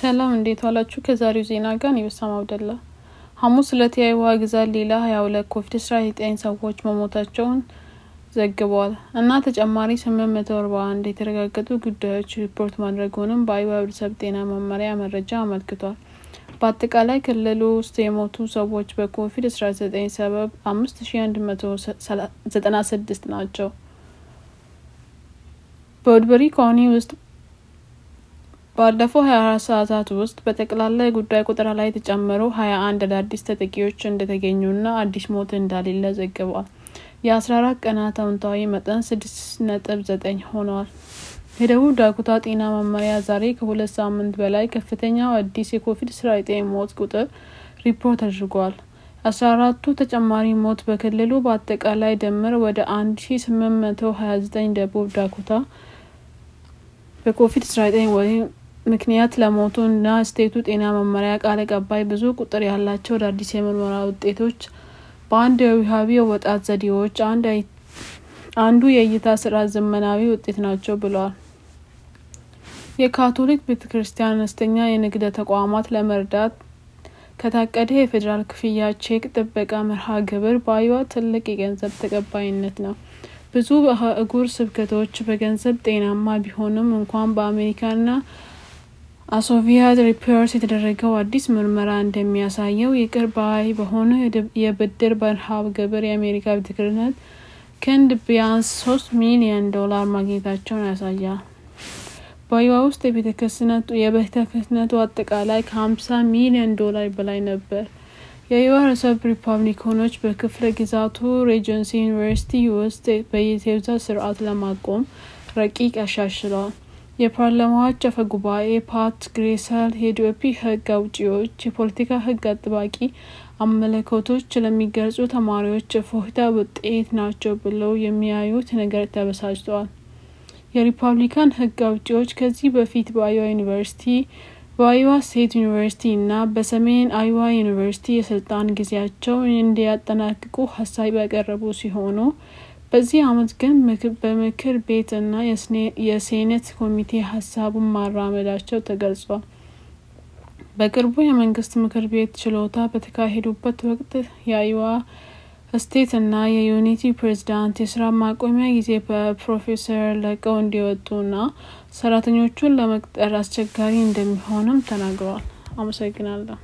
ሰላም እንዴት ዋላችሁ? ከዛሬው ዜና ጋር እኔ በሳም አብደላ። ሐሙስ ዕለት የአይዋ ግዛት ሌላ ሀያ ሁለት ኮቪድ አስራ ዘጠኝ ሰዎች መሞታቸውን ዘግበዋል እና ተጨማሪ ስምንት መቶ አርባ አንድ የተረጋገጡ ጉዳዮች ሪፖርት ማድረጉንም በአይዋ ህብረተሰብ ጤና መመሪያ መረጃ አመልክቷል። በአጠቃላይ ክልሉ ውስጥ የሞቱ ሰዎች በኮቪድ አስራ ዘጠኝ ሰበብ አምስት ሺ አንድ መቶ ዘጠና ስድስት ናቸው። በውድበሪ ካውንቲ ውስጥ ባለፈው 24 ሰዓታት ውስጥ በጠቅላላ የጉዳይ ቁጥር ላይ የተጨመሩ 21 አዳዲስ ተጠቂዎች እንደተገኙና አዲስ ሞት እንዳሌለ ዘግበዋል። የ14 ቀናት አዎንታዊ መጠን 6.9 ሆነዋል። የደቡብ ዳኩታ ጤና መመሪያ ዛሬ ከሁለት ሳምንት በላይ ከፍተኛው አዲስ የኮቪድ-19 ሞት ቁጥር ሪፖርት አድርጓል። አስራ አራቱ ተጨማሪ ሞት በክልሉ በአጠቃላይ ደምር ወደ አንድ ሺ ስምንት መቶ ሀያ ዘጠኝ ደቡብ ዳኩታ በኮቪድ-19 ወይም ምክንያት ለሞቱ እና ስቴቱ ጤና መመሪያ ቃል አቀባይ ብዙ ቁጥር ያላቸው አዳዲስ የምርመራ ውጤቶች በአንድ የውሃቢ ወጣት ዘዴዎች አንዱ የእይታ ስራ ዘመናዊ ውጤት ናቸው ብለዋል። የካቶሊክ ቤተ ክርስቲያን አነስተኛ የንግድ ተቋማት ለመርዳት ከታቀደ የፌዴራል ክፍያ ቼክ ጥበቃ መርሃ ግብር በአይዋ ትልቅ የገንዘብ ተቀባይነት ነው። ብዙ እጉር ስብከቶች በገንዘብ ጤናማ ቢሆንም እንኳን በአሜሪካና አሶቪያት ሪፖርት የተደረገው አዲስ ምርመራ እንደሚያሳየው ይቅር ባይ በሆነ የብድር መርሃ ግብር የአሜሪካ ቤተክርነት ክንድ ቢያንስ ሶስት ሚሊዮን ዶላር ማግኘታቸውን ያሳያል። በዩዋ ውስጥ የቤተክርስነቱ አጠቃላይ ከ50 ሚሊዮን ዶላር በላይ ነበር። የዩዋ ረሰብ ሪፐብሊካኖች በክፍለ ግዛቱ ሬጀንሲ ዩኒቨርሲቲ ውስጥ በየቴዛ ስርዓት ለማቆም ረቂቅ አሻሽለዋል። የፓርላማዎች አፈ ጉባኤ ፓት ግሬሰል የዲኦፒ ሕግ አውጪዎች የፖለቲካ ሕግ አጥባቂ አመለከቶች ለሚገልጹ ተማሪዎች እፎይታ ውጤት ናቸው ብለው የሚያዩት ነገር ተበሳጭተዋል። የሪፐብሊካን ሕግ አውጪዎች ከዚህ በፊት በአይዋ ዩኒቨርሲቲ በአይዋ ስቴት ዩኒቨርሲቲ እና በሰሜን አይዋ ዩኒቨርሲቲ የስልጣን ጊዜያቸው እንዲያጠናቅቁ ሀሳብ ያቀረቡ ሲሆኑ በዚህ አመት ግን በምክር ቤት እና የሴኔት ኮሚቴ ሀሳቡን ማራመዳቸው ተገልጿል። በቅርቡ የመንግስት ምክር ቤት ችሎታ በተካሄዱበት ወቅት የአይዋ ስቴት እና የዩኒቲ ፕሬዚዳንት የስራ ማቆሚያ ጊዜ በፕሮፌሰር ለቀው እንዲወጡ እና ሰራተኞቹን ለመቅጠር አስቸጋሪ እንደሚሆንም ተናግረዋል። አመሰግናለሁ።